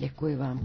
Děkuji vám.